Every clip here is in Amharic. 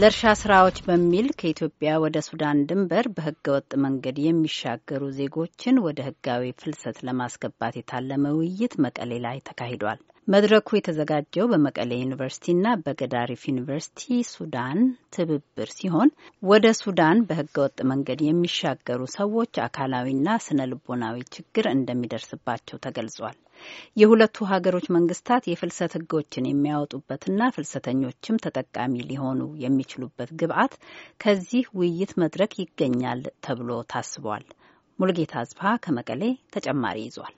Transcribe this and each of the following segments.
ለእርሻ ስራዎች በሚል ከኢትዮጵያ ወደ ሱዳን ድንበር በህገወጥ መንገድ የሚሻገሩ ዜጎችን ወደ ህጋዊ ፍልሰት ለማስገባት የታለመ ውይይት መቀሌ ላይ ተካሂዷል። መድረኩ የተዘጋጀው በመቀሌ ዩኒቨርሲቲና በገዳሪፍ ዩኒቨርሲቲ ሱዳን ትብብር ሲሆን ወደ ሱዳን በህገወጥ መንገድ የሚሻገሩ ሰዎች አካላዊና ስነ ልቦናዊ ችግር እንደሚደርስባቸው ተገልጿል። የሁለቱ ሀገሮች መንግስታት የፍልሰት ህጎችን የሚያወጡበትና ፍልሰተኞችም ተጠቃሚ ሊሆኑ የሚችሉበት ግብዓት ከዚህ ውይይት መድረክ ይገኛል ተብሎ ታስቧል። ሙልጌታ አጽብሃ ከመቀሌ ተጨማሪ ይዟል።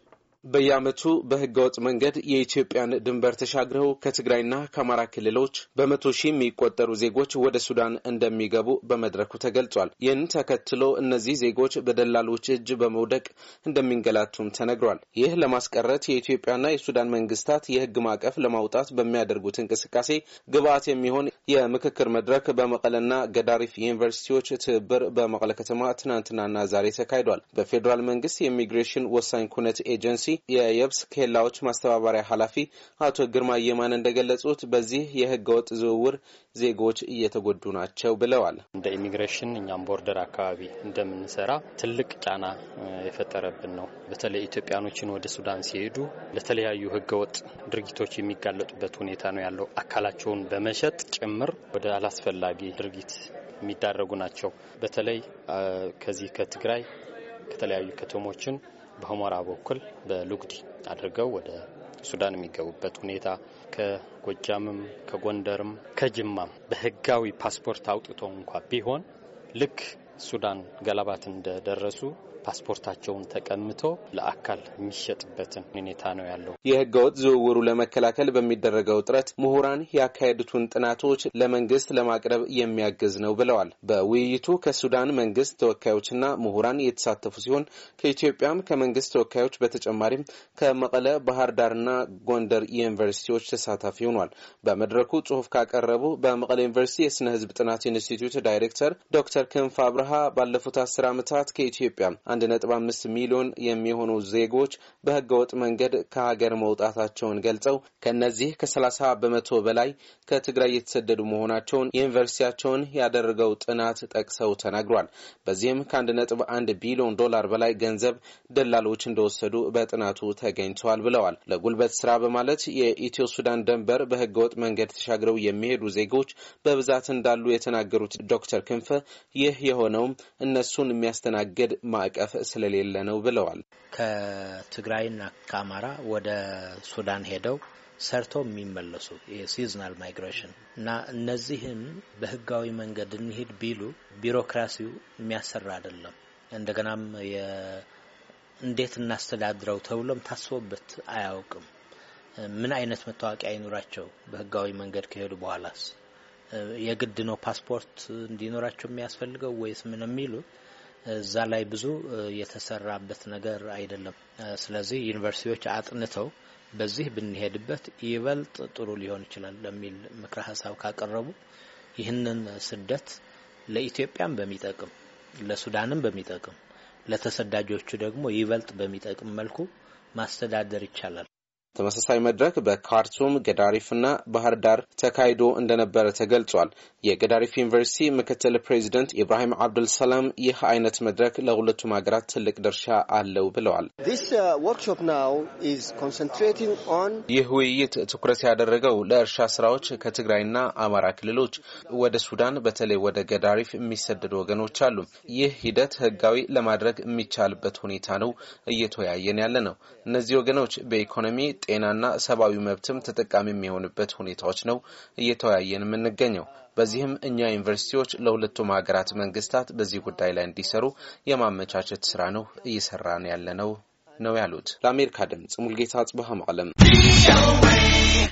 በየዓመቱ በህገወጥ መንገድ የኢትዮጵያን ድንበር ተሻግረው ከትግራይና ከአማራ ክልሎች በመቶ ሺህ የሚቆጠሩ ዜጎች ወደ ሱዳን እንደሚገቡ በመድረኩ ተገልጿል። ይህን ተከትሎ እነዚህ ዜጎች በደላሎች እጅ በመውደቅ እንደሚንገላቱም ተነግሯል። ይህ ለማስቀረት የኢትዮጵያና የሱዳን መንግስታት የህግ ማዕቀፍ ለማውጣት በሚያደርጉት እንቅስቃሴ ግብአት የሚሆን የምክክር መድረክ በመቀለና ገዳሪፍ ዩኒቨርሲቲዎች ትብብር በመቀለ ከተማ ትናንትናና ዛሬ ተካሂዷል። በፌዴራል መንግስት የኢሚግሬሽን ወሳኝ ኩነት ኤጀንሲ የየብስ ኬላዎች ማስተባበሪያ ኃላፊ አቶ ግርማ የማን እንደገለጹት በዚህ የህገ ወጥ ዝውውር ዜጎች እየተጎዱ ናቸው ብለዋል። እንደ ኢሚግሬሽን እኛም ቦርደር አካባቢ እንደምንሰራ ትልቅ ጫና የፈጠረብን ነው። በተለይ ኢትዮጵያኖችን ወደ ሱዳን ሲሄዱ ለተለያዩ ህገወጥ ድርጊቶች የሚጋለጡበት ሁኔታ ነው ያለው። አካላቸውን በመሸጥ ጭምር ወደ አላስፈላጊ ድርጊት የሚዳረጉ ናቸው። በተለይ ከዚህ ከትግራይ ከተለያዩ ከተሞችን በሁመራ በኩል በሉግዲ አድርገው ወደ ሱዳን የሚገቡበት ሁኔታ ከጎጃምም ከጎንደርም ከጅማም በህጋዊ ፓስፖርት አውጥቶ እንኳ ቢሆን ልክ ሱዳን ገላባት እንደደረሱ ፓስፖርታቸውን ተቀምቶ ለአካል የሚሸጥበትን ሁኔታ ነው ያለው። የህገወጥ ዝውውሩ ለመከላከል በሚደረገው ጥረት ምሁራን ያካሄዱትን ጥናቶች ለመንግስት ለማቅረብ የሚያግዝ ነው ብለዋል። በውይይቱ ከሱዳን መንግስት ተወካዮችና ምሁራን የተሳተፉ ሲሆን ከኢትዮጵያም ከመንግስት ተወካዮች በተጨማሪም ከመቀለ፣ ባህር ዳርና ጎንደር ዩኒቨርሲቲዎች ተሳታፊ ሆኗል። በመድረኩ ጽሁፍ ካቀረቡ በመቀለ ዩኒቨርሲቲ የስነ ህዝብ ጥናት ኢንስቲትዩት ዳይሬክተር ዶክተር ክንፍ አብርሃ ባለፉት አስር ዓመታት ከኢትዮጵያ አንድ ነጥብ አምስት ሚሊዮን የሚሆኑ ዜጎች በህገወጥ መንገድ ከሀገር መውጣታቸውን ገልጸው ከእነዚህ ከሰላሳ በመቶ በላይ ከትግራይ የተሰደዱ መሆናቸውን ዩኒቨርሲቲያቸውን ያደረገው ጥናት ጠቅሰው ተናግሯል። በዚህም ከአንድ ነጥብ አንድ ቢሊዮን ዶላር በላይ ገንዘብ ደላሎች እንደወሰዱ በጥናቱ ተገኝተዋል ብለዋል። ለጉልበት ስራ በማለት የኢትዮ ሱዳን ድንበር በህገወጥ መንገድ ተሻግረው የሚሄዱ ዜጎች በብዛት እንዳሉ የተናገሩት ዶክተር ክንፈ ይህ የሆነውም እነሱን የሚያስተናግድ ማዕቀ ማዕቀፍ ስለሌለ ነው ብለዋል። ከትግራይና ከአማራ ወደ ሱዳን ሄደው ሰርቶ የሚመለሱ የሲዝናል ማይግሬሽን እና እነዚህን በህጋዊ መንገድ እንሂድ ቢሉ ቢሮክራሲው የሚያሰራ አይደለም። እንደገናም እንዴት እናስተዳድረው ተብሎም ታስቦበት አያውቅም። ምን አይነት መታወቂያ አይኖራቸው በህጋዊ መንገድ ከሄዱ በኋላስ የግድ ነው ፓስፖርት እንዲኖራቸው የሚያስፈልገው ወይስ ምን የሚሉ እዛ ላይ ብዙ የተሰራበት ነገር አይደለም። ስለዚህ ዩኒቨርሲቲዎች አጥንተው በዚህ ብንሄድበት ይበልጥ ጥሩ ሊሆን ይችላል ለሚል ምክረ ሀሳብ ካቀረቡ ይህንን ስደት ለኢትዮጵያም በሚጠቅም ለሱዳንም በሚጠቅም ለተሰዳጆቹ ደግሞ ይበልጥ በሚጠቅም መልኩ ማስተዳደር ይቻላል። ተመሳሳይ መድረክ በካርቱም ገዳሪፍና ባህር ዳር ተካሂዶ እንደነበረ ተገልጿል። የገዳሪፍ ዩኒቨርሲቲ ምክትል ፕሬዚደንት ኢብራሂም አብዱልሰላም ይህ አይነት መድረክ ለሁለቱም ሀገራት ትልቅ ድርሻ አለው ብለዋል። uh, ይህ ውይይት ትኩረት ያደረገው ለእርሻ ስራዎች ከትግራይና አማራ ክልሎች ወደ ሱዳን በተለይ ወደ ገዳሪፍ የሚሰደዱ ወገኖች አሉ። ይህ ሂደት ህጋዊ ለማድረግ የሚቻልበት ሁኔታ ነው እየተወያየን ያለ ነው። እነዚህ ወገኖች በኢኮኖሚ ጤናና ሰብአዊ መብትም ተጠቃሚ የሚሆንበት ሁኔታዎች ነው እየተወያየን የምንገኘው። በዚህም እኛ ዩኒቨርሲቲዎች ለሁለቱም ሀገራት መንግስታት በዚህ ጉዳይ ላይ እንዲሰሩ የማመቻቸት ስራ ነው እየሰራን ያለነው ነው ያሉት። ለአሜሪካ ድምጽ ሙልጌታ አጽብሃ መቀለም